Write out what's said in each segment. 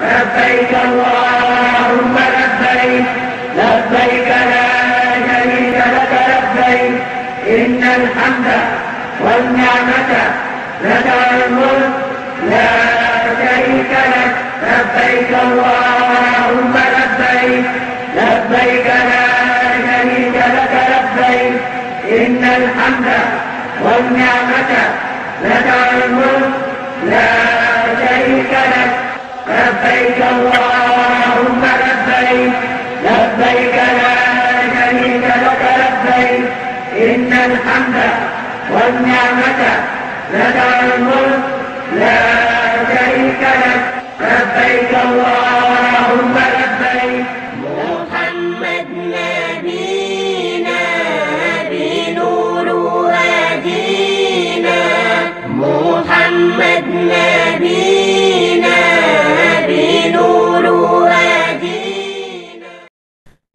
لبيك اللهم لبيك لبيك لا شريك لك لبيك إن الحمد والنعمة لك الملك لا شريك لك لبيك اللهم لبيك لبيك لا شريك لك لبيك إن الحمد والنعمة لك الملك لا شريك لك لبيك اللهم لبيك لبيك لا شريك لك لبيك إن الحمد والنعمة لك الملك لا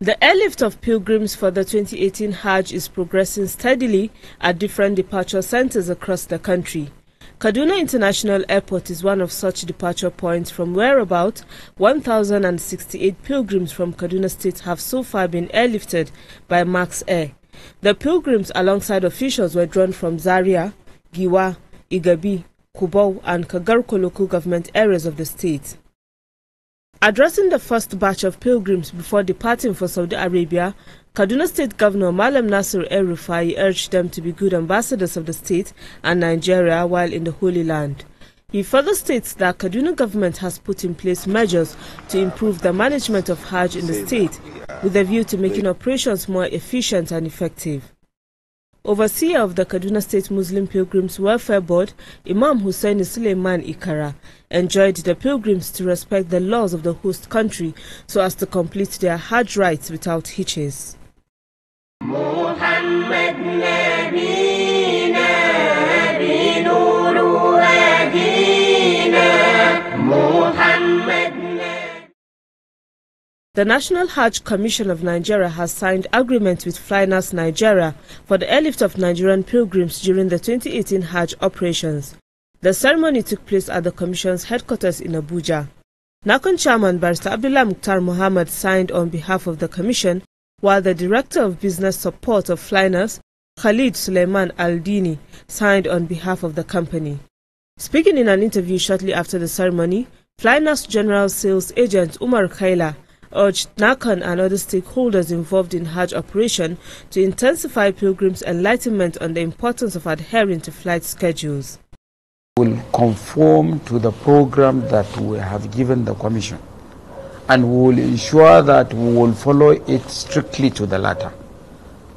The airlift of pilgrims for the 2018 Hajj is progressing steadily at different departure centers across the country. Kaduna International Airport is one of such departure points from where about 1,068 pilgrims from Kaduna State have so far been airlifted by Max Air. The pilgrims alongside officials were drawn from Zaria, Giwa, Igabi, Kubau and Kagarko local government areas of the state. Addressing the first batch of pilgrims before departing for Saudi Arabia, Kaduna State Governor Malam Nasir El Rufai urged them to be good ambassadors of the state and Nigeria while in the Holy Land. He further states that Kaduna government has put in place measures to improve the management of Hajj in the state with a view to making operations more efficient and effective. Overseer of the Kaduna State Muslim Pilgrims Welfare Board, Imam Hussein Suleiman Ikara, enjoined the pilgrims to respect the laws of the host country so as to complete their Hajj rites without hitches. Muhammad The National Hajj Commission of Nigeria has signed agreements with Flynas Nigeria for the airlift of Nigerian pilgrims during the 2018 Hajj operations. The ceremony took place at the Commission's headquarters in Abuja. NACON Chairman Barrister Abdullah Mukhtar Mohammed signed on behalf of the Commission, while the Director of Business Support of Flynas, Khalid Suleiman Aldini, signed on behalf of the company. Speaking in an interview shortly after the ceremony, Flynas General Sales Agent Umar Khaila urged Nakan and other stakeholders involved in Hajj operation to intensify pilgrims' enlightenment on the importance of adhering to flight schedules. Will conform to the program that we have given the Commission and we will ensure that we will follow it strictly to the letter.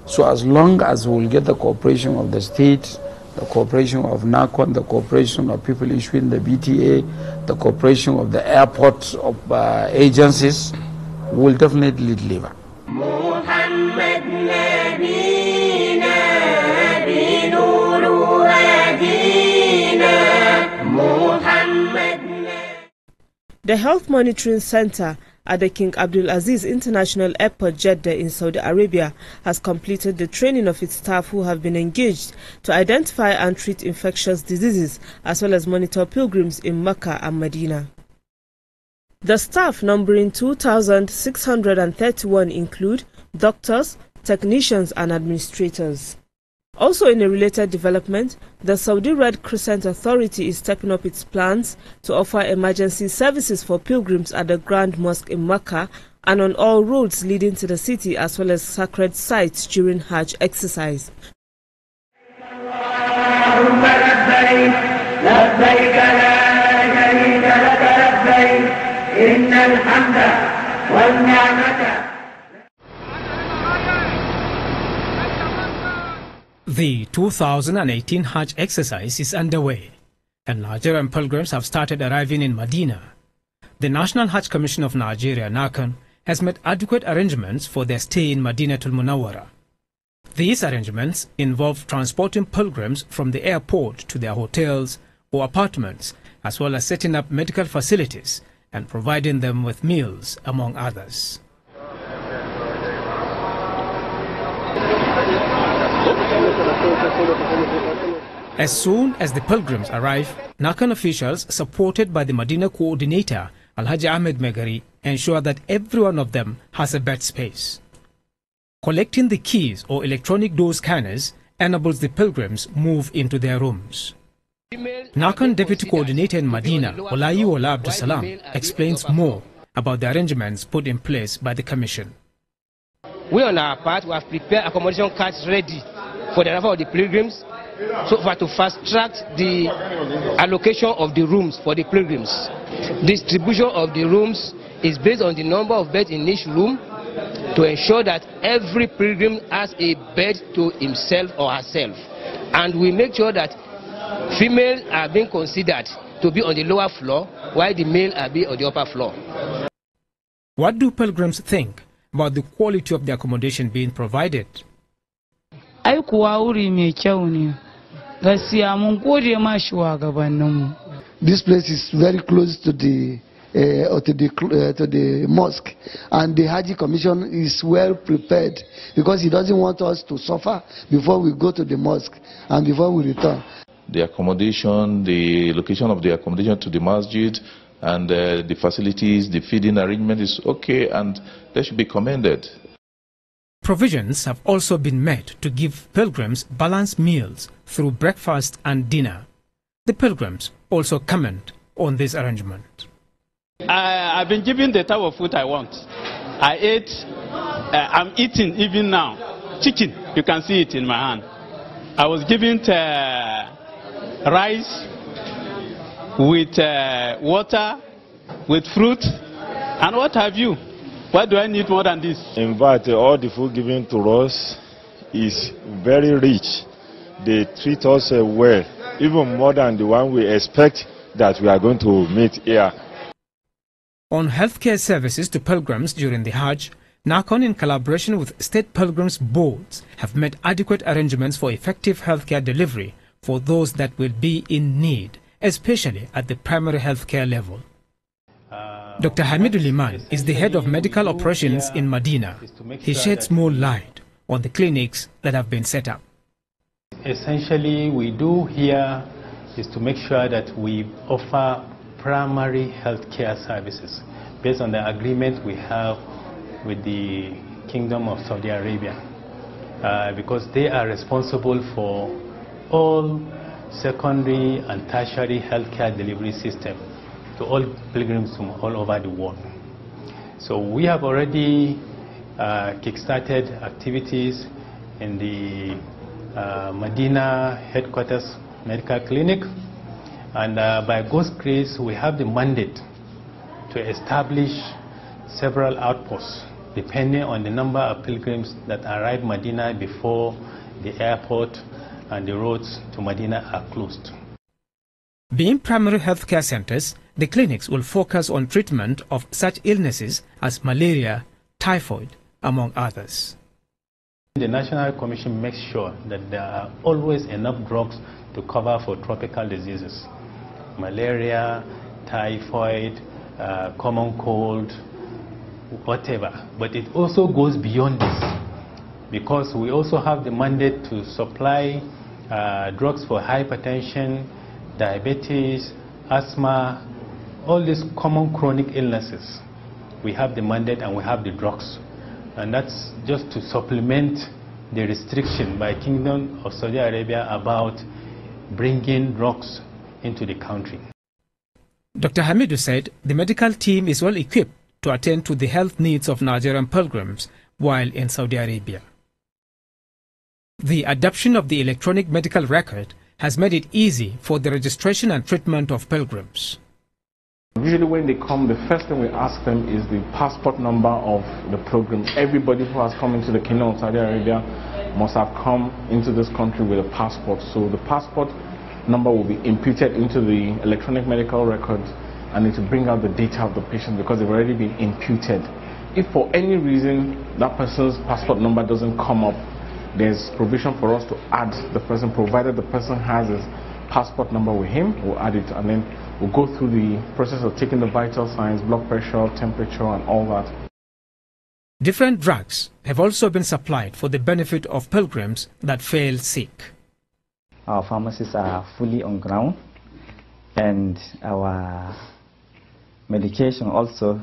So as long as we will get the cooperation of the state, the cooperation of NACON, the cooperation of people issuing the BTA, the cooperation of the airport of, uh, agencies, will definitely deliver. The Health Monitoring Center at the King Abdulaziz International Airport Jeddah in Saudi Arabia has completed the training of its staff who have been engaged to identify and treat infectious diseases as well as monitor pilgrims in Mecca and Medina. The staff, numbering 2,631, include doctors, technicians and administrators. Also in a related development, the Saudi Red Crescent Authority is stepping up its plans to offer emergency services for pilgrims at the Grand Mosque in Mecca and on all roads leading to the city as well as sacred sites during Hajj exercise. إن الحمد والنعمة The 2018 Hajj exercise is underway, and Nigerian pilgrims have started arriving in Medina. The National Hajj Commission of Nigeria, NACAN, has made adequate arrangements for their stay in Medina Tul These arrangements involve transporting pilgrims from the airport to their hotels or apartments, as well as setting up medical facilities and providing them with meals, among others. As soon as the pilgrims arrive, Nakan officials, supported by the Medina coordinator, Alhaji Ahmed Megari, ensure that every one of them has a bed space. Collecting the keys or electronic door scanners enables the pilgrims move into their rooms. Nakan Deputy Coordinator in Medina, Olayiwola Abdusalam, explains more about the arrangements put in place by the Commission. We on our part, we have prepared accommodation cards ready for the arrival of the pilgrims so far to fast track the allocation of the rooms for the pilgrims. Distribution of the rooms is based on the number of beds in each room to ensure that every pilgrim has a bed to himself or herself. And we make sure that Females are being considered to be on the lower floor, while the male are being on the upper floor. What do pilgrims think about the quality of the accommodation being provided? This place is very close to the uh, to the uh, to the mosque and the Haji Commission is well prepared because he doesn't want us to suffer before we go to the mosque and before we return the accommodation, the location of the accommodation to the masjid, and uh, the facilities, the feeding arrangement is okay, and they should be commended. Provisions have also been made to give pilgrims balanced meals through breakfast and dinner. The pilgrims also comment on this arrangement. I, have been given the type of food I want. I ate, uh, I'm eating even now. Chicken, you can see it in my hand. I was given. Uh, rice, with uh, water, with fruit, and what have you. Why do I need more than this? In fact, all the food given to us is very rich. They treat us uh, well, even more than the one we expect that we are going to meet here. On healthcare services to pilgrims during the Hajj, Nakhon, in collaboration with state pilgrims boards, have made adequate arrangements for effective healthcare delivery for those that will be in need, especially at the primary healthcare level. Dr. Hamid Liman is the head of medical operations in Medina. He sheds more light on the clinics that have been set up. Essentially, we do here is to make sure that we offer primary healthcare services based on the agreement we have with the Kingdom of Saudi Arabia uh, because they are responsible for all secondary and tertiary healthcare delivery system to all pilgrims from all over the world. So we have already uh, kickstarted activities in the uh, Medina headquarters medical clinic and uh, by God's grace we have the mandate to establish several outposts depending on the number of pilgrims that arrive Medina before the airport and the roads to Medina are closed. Being primary healthcare centers, the clinics will focus on treatment of such illnesses as malaria, typhoid, among others. The National Commission makes sure that there are always enough drugs to cover for tropical diseases. Malaria, typhoid, uh, common cold, whatever. But it also goes beyond this because we also have the mandate to supply uh, drugs for hypertension, diabetes, asthma, all these common chronic illnesses. We have the mandate and we have the drugs. And that's just to supplement the restriction by Kingdom of Saudi Arabia about bringing drugs into the country. Dr. Hamidu said the medical team is well equipped to attend to the health needs of Nigerian pilgrims while in Saudi Arabia. The adoption of the electronic medical record has made it easy for the registration and treatment of pilgrims. Usually when they come, the first thing we ask them is the passport number of the pilgrim. Everybody who has come into the kingdom of Saudi Arabia must have come into this country with a passport. So the passport number will be imputed into the electronic medical record and it will bring out the data of the patient because they've already been imputed. If for any reason that person's passport number doesn't come up, there's provision for us to add the person, provided the person has his passport number with him, we'll add it and then we'll go through the process of taking the vital signs, blood pressure, temperature and all that. Different drugs have also been supplied for the benefit of pilgrims that fell sick. Our pharmacies are fully on ground and our medication also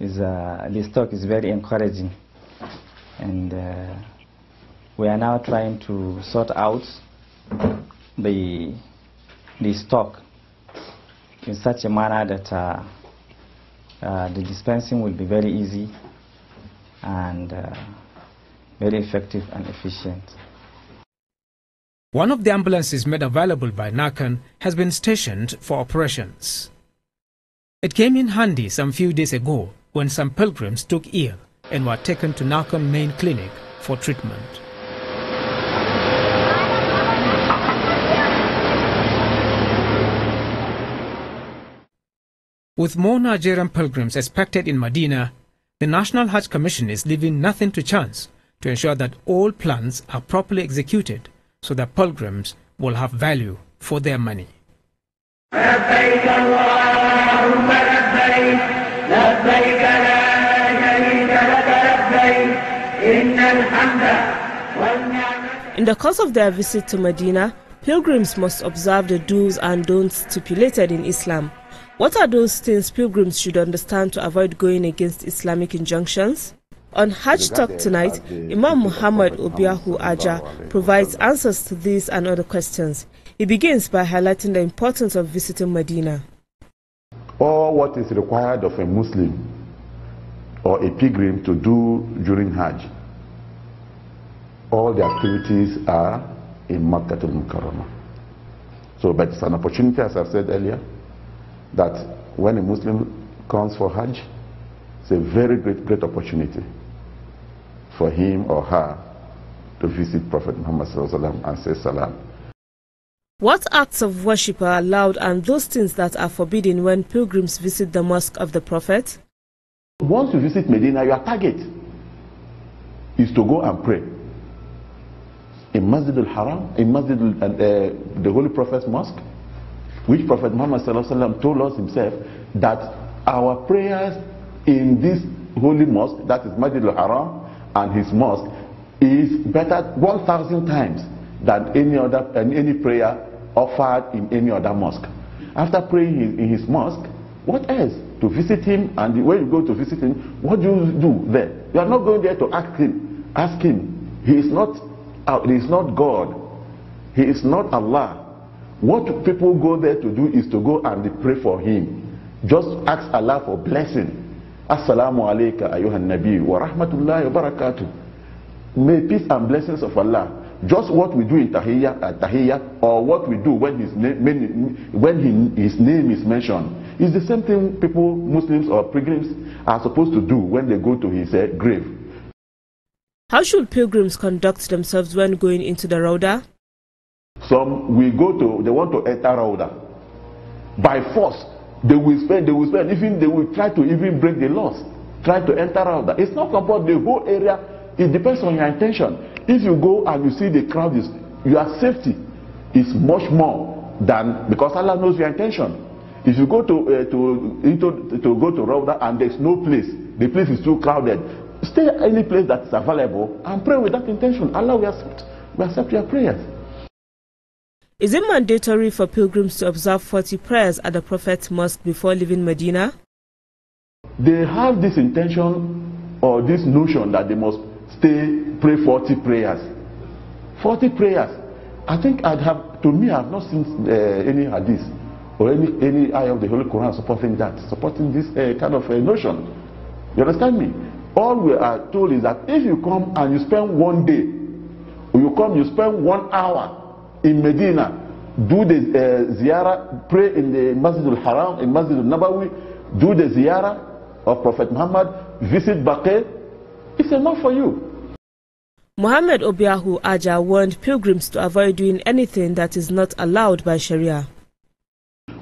is, uh, the stock is very encouraging and uh, we are now trying to sort out the, the stock in such a manner that uh, uh, the dispensing will be very easy and uh, very effective and efficient. One of the ambulances made available by Nakan has been stationed for operations. It came in handy some few days ago when some pilgrims took ill and were taken to Nakan main clinic for treatment. With more Nigerian pilgrims expected in Medina, the National Hajj Commission is leaving nothing to chance to ensure that all plans are properly executed so that pilgrims will have value for their money. In the course of their visit to Medina, pilgrims must observe the do's and don'ts stipulated in Islam. What are those things pilgrims should understand to avoid going against Islamic injunctions? On Hajj Talk tonight, Imam Muhammad Obiahu Aja provides answers to these and other questions. He begins by highlighting the importance of visiting Medina. Or what is required of a Muslim or a pilgrim to do during Hajj. All the activities are in Makkah al-Mukarramah. So, but it's an opportunity, as I said earlier, that when a Muslim comes for Hajj, it's a very great, great opportunity for him or her to visit Prophet Muhammad and say salam. What acts of worship are allowed and those things that are forbidden when pilgrims visit the mosque of the Prophet? Once you visit Medina, your target is to go and pray in Masjid al-Haram, in Masjid uh, uh, the Holy Prophet's Mosque, which Prophet Muhammad told us himself that our prayers in this holy mosque, that is Masjid al-Haram and his mosque, is better one thousand times than any other than any prayer offered in any other mosque. After praying in his mosque, what else? To visit him, and when you go to visit him, what do you do there? You are not going there to ask him. Ask him. He is not. Uh, he is not God. He is not Allah What people go there to do is to go and pray for him. Just ask Allah for blessing. Assalamu alaikum, ayuhan nabi wa rahmatullahi wa barakatuh. May peace and blessings of Allah. Just what we do in Tahiyya, uh, tahiyya or what we do when his, name, when he, his name is mentioned is the same thing people, Muslims or pilgrims, are supposed to do when they go to his uh, grave. How should pilgrims conduct themselves when going into the Rauda? Some will go to, they want to enter order. By force, they will spend, they will spend, even they will try to even break the laws, try to enter order. It's not about the whole area, it depends on your intention. If you go and you see the crowd is, your safety is much more than, because Allah knows your intention. If you go to, uh, to, into, to go to Rouda and there's no place, the place is too crowded, stay any place that's available and pray with that intention. Allah we accept, will accept your prayers. Is it mandatory for pilgrims to observe 40 prayers at the Prophet's Mosque before leaving Medina? They have this intention or this notion that they must stay, pray 40 prayers. 40 prayers. I think I'd have, to me, I've not seen uh, any hadith or any, any eye of the Holy Quran supporting that, supporting this uh, kind of uh, notion. You understand me? All we are told is that if you come and you spend one day, or you come, you spend one hour in Medina, do the uh, ziyarah, pray in the Masjid al-Haram, in Masjid al-Nabawi, do the ziyarah of Prophet Muhammad, visit Baqir, it's enough for you. Muhammad Obiahu Aja warned pilgrims to avoid doing anything that is not allowed by Sharia.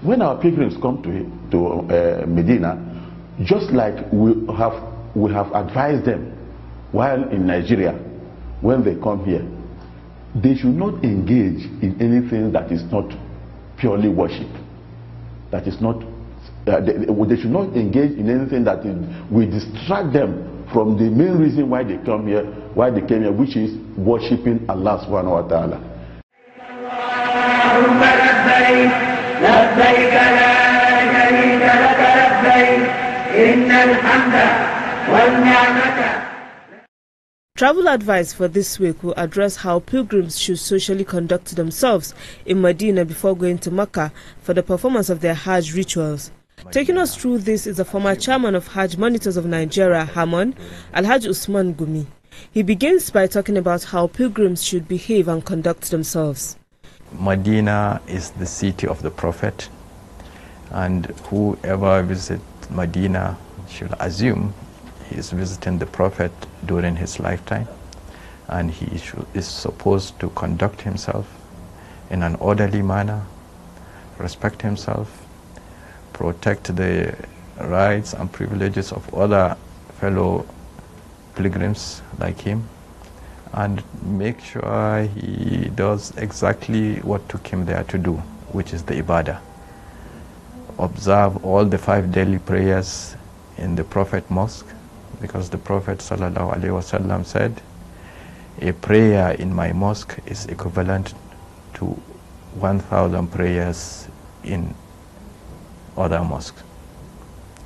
When our pilgrims come to, to uh, Medina, just like we have, we have advised them while in Nigeria, when they come here, they should not engage in anything that is not purely worship. That is not, uh, they, they, should not engage in anything that is, will distract them from the main reason why they come here, why they came here, which is worshiping Allah subhanahu wa ta'ala. والنعمة Travel advice for this week will address how pilgrims should socially conduct themselves in Medina before going to Mecca for the performance of their Hajj rituals. Taking us through this is the former chairman of Hajj Monitors of Nigeria, Hamon, Alhaj Usman Gumi. He begins by talking about how pilgrims should behave and conduct themselves. Medina is the city of the Prophet, and whoever visits Medina should assume he is visiting the Prophet during his lifetime and he is supposed to conduct himself in an orderly manner, respect himself, protect the rights and privileges of other fellow pilgrims like him, and make sure he does exactly what took him there to do, which is the ibadah. Observe all the five daily prayers in the Prophet Mosque because the Prophet ﷺ said, a prayer in my mosque is equivalent to 1,000 prayers in other mosques.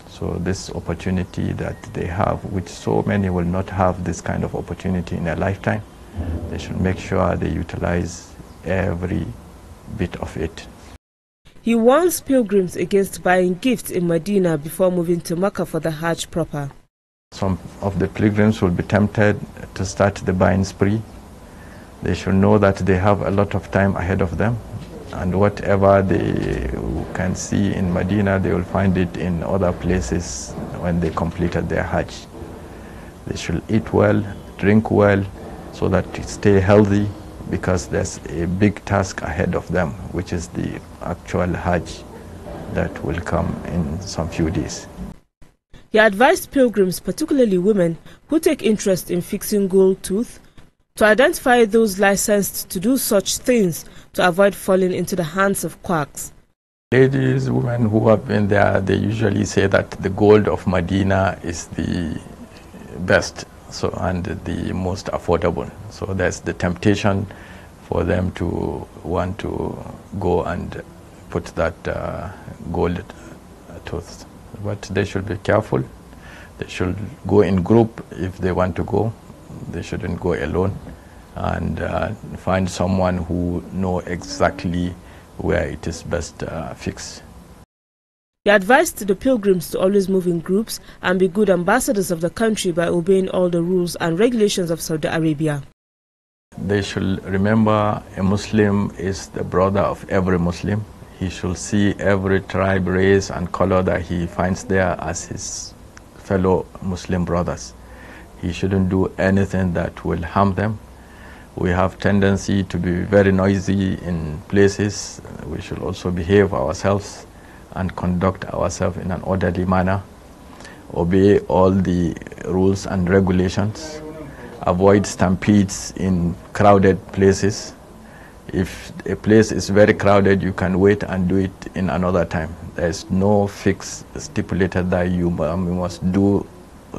So this opportunity that they have, which so many will not have this kind of opportunity in their lifetime, they should make sure they utilize every bit of it. He warns pilgrims against buying gifts in Medina before moving to Mecca for the Hajj proper. Some of the pilgrims will be tempted to start the buying spree. They should know that they have a lot of time ahead of them, and whatever they can see in Medina, they will find it in other places when they completed their Hajj. They should eat well, drink well, so that they stay healthy, because there's a big task ahead of them, which is the actual Hajj that will come in some few days. He advised pilgrims, particularly women, who take interest in fixing gold tooth, to identify those licensed to do such things to avoid falling into the hands of quacks. Ladies, women who have been there, they usually say that the gold of Medina is the best so, and the most affordable. So there's the temptation for them to want to go and put that uh, gold tooth but they should be careful. They should go in group if they want to go. They shouldn't go alone and uh, find someone who know exactly where it is best uh, fixed. He advised the pilgrims to always move in groups and be good ambassadors of the country by obeying all the rules and regulations of Saudi Arabia. They should remember a Muslim is the brother of every Muslim he should see every tribe, race, and color that he finds there as his fellow Muslim brothers. He shouldn't do anything that will harm them. We have tendency to be very noisy in places. We should also behave ourselves and conduct ourselves in an orderly manner. Obey all the rules and regulations. Avoid stampedes in crowded places if a place is very crowded, you can wait and do it in another time. There's no fixed stipulated that um, you must do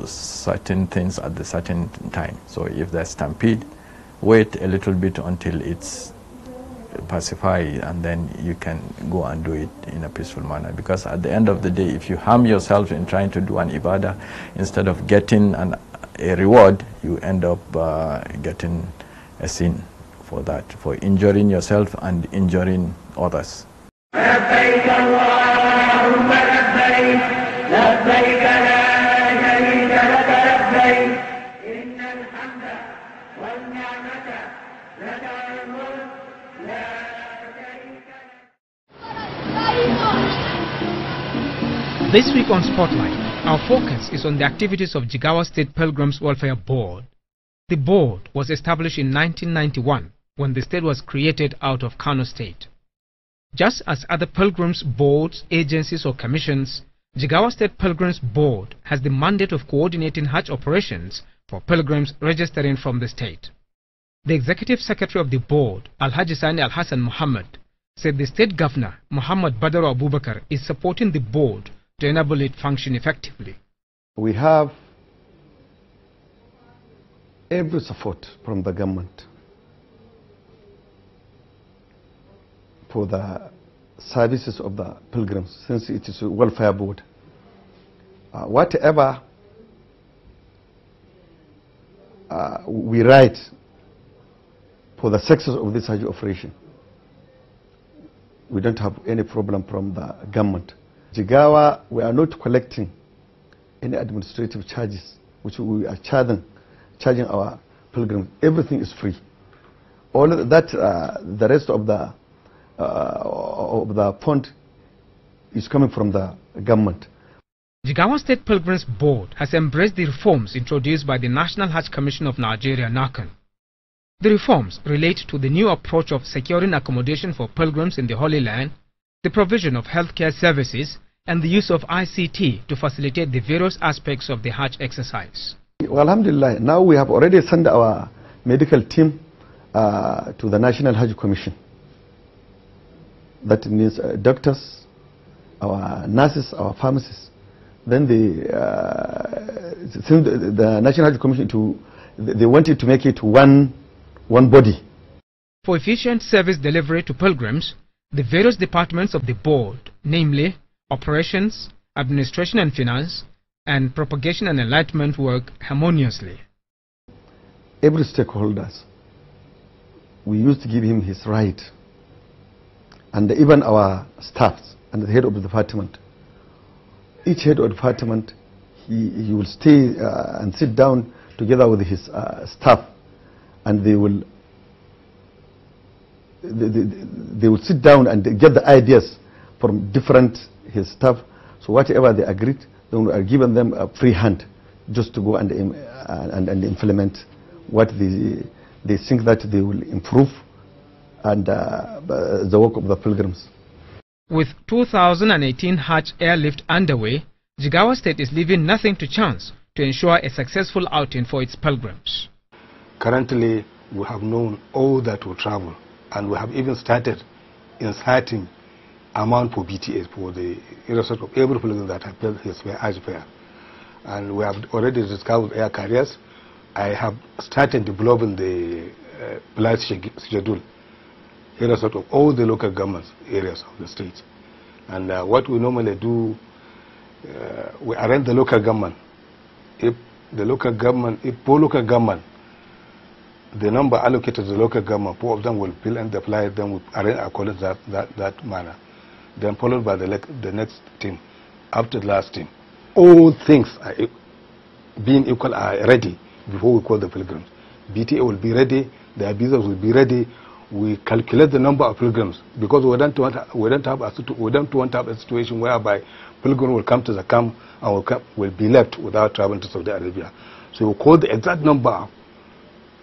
certain things at the certain time. So if there's stampede, wait a little bit until it's pacified and then you can go and do it in a peaceful manner. Because at the end of the day, if you harm yourself in trying to do an ibadah, instead of getting an, a reward, you end up uh, getting a sin for that, for injuring yourself and injuring others. This week on Spotlight, our focus is on the activities of Jigawa State Pilgrims Welfare Board. The board was established in 1991 when the state was created out of Kano State. Just as other pilgrims boards, agencies or commissions, Jigawa State Pilgrims Board has the mandate of coordinating Hajj operations for pilgrims registering from the state. The Executive Secretary of the Board, Al-Haji Al-Hassan Muhammad, said the state governor, Muhammad Badaru Abubakar, is supporting the board to enable it function effectively. We have every support from the government for the services of the pilgrims since it is a welfare board. Uh, whatever uh, we write for the success of this Hajj operation, we don't have any problem from the government. Jigawa, we are not collecting any administrative charges which we are charging charging our pilgrims. Everything is free. All that, uh, the rest of the, uh, of the fund is coming from the government. Jigawa State Pilgrims Board has embraced the reforms introduced by the National Hajj Commission of Nigeria, NAKAN. The reforms relate to the new approach of securing accommodation for pilgrims in the Holy Land, the provision of healthcare services, and the use of ICT to facilitate the various aspects of the Hajj exercise alhamdulillah, now we have already sent our medical team uh, to the National Hajj Commission. That means uh, doctors, our nurses, our pharmacists. Then the, uh, the, the National Hajj Commission, to, they wanted to make it one, one body. For efficient service delivery to pilgrims, the various departments of the board, namely operations, administration and finance, and propagation and enlightenment work harmoniously? Every stakeholders, we used to give him his right. And even our staffs and the head of the department, each head of department, he, he will stay uh, and sit down together with his uh, staff and they will they, they will sit down and get the ideas from different his staff. So whatever they agreed, given them a free hand just to go and, and, and implement what they, they think that they will improve and uh, the work of the pilgrims. With 2018 Hajj airlift underway, Jigawa State is leaving nothing to chance to ensure a successful outing for its pilgrims. Currently, we have known all that will travel, and we have even started inserting amount for BTS for the irrespective of everything that happens is where as fair. And we have already discovered air carriers. I have started developing the uh, flight schedule irrespective of all the local government areas of the state. And uh, what we normally do, uh, we arrange the local government. If the local government, if poor local government, the number allocated to the local government, four of them will fill and apply them. we arrange according to that, that, that manner then followed by the, the next team, after the last team. All things are being equal are ready before we call the pilgrims. BTA will be ready, the abusers will be ready. We calculate the number of pilgrims because we don't want, we don't have, a, we don't want to have a situation whereby pilgrims will come to the camp and will, come, will be left without traveling to Saudi Arabia. So we call the exact number of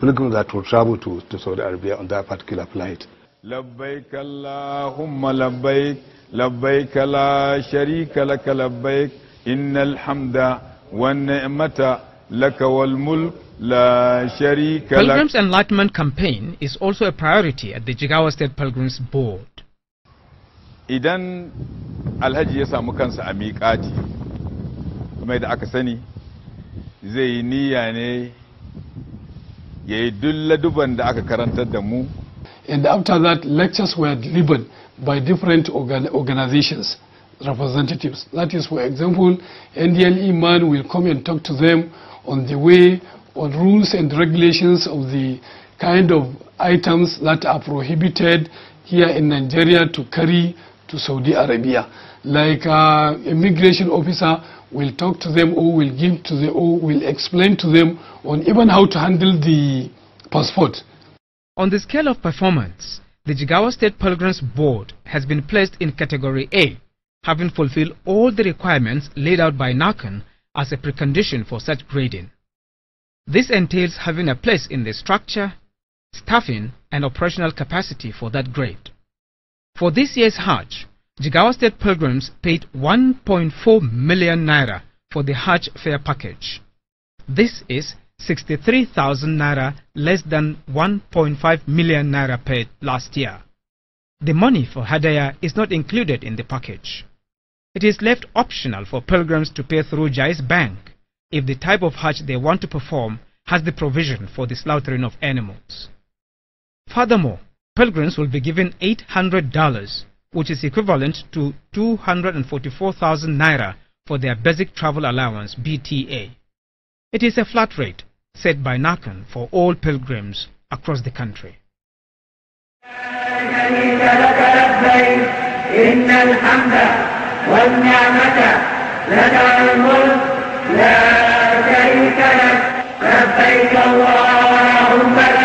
pilgrims that will travel to, to Saudi Arabia on that particular flight. لبيك اللهم لبيك لبيك لا شريك لك لبيك إن الحمد والنعمة لك والملك لا شريك لك Pilgrims Enlightenment Campaign is also a priority at the Jigawa State Pilgrims Board. إذن Alhaji يسا مكانس أميك آتي miƙati, kuma da aka sani, zai yi niyya ne ya And after that, lectures were delivered by different organ organizations, representatives. That is, for example, NDLE man will come and talk to them on the way, on rules and regulations of the kind of items that are prohibited here in Nigeria to carry to Saudi Arabia. Like uh, immigration officer will talk to them or will give to the or will explain to them on even how to handle the passport on the scale of performance, the Jigawa State Pilgrims Board has been placed in Category A, having fulfilled all the requirements laid out by NACAN as a precondition for such grading. This entails having a place in the structure, staffing and operational capacity for that grade. For this year's Hajj, Jigawa State Pilgrims paid 1.4 million naira for the Hajj fare package. This is 63,000 naira less than 1.5 million naira paid last year. The money for Hadaya is not included in the package. It is left optional for pilgrims to pay through Jai's bank if the type of Hajj they want to perform has the provision for the slaughtering of animals. Furthermore, pilgrims will be given $800, which is equivalent to 244,000 naira for their basic travel allowance, BTA. It is a flat rate set by Nakan for all pilgrims across the country. لا شريك لك لبيك اللهم لك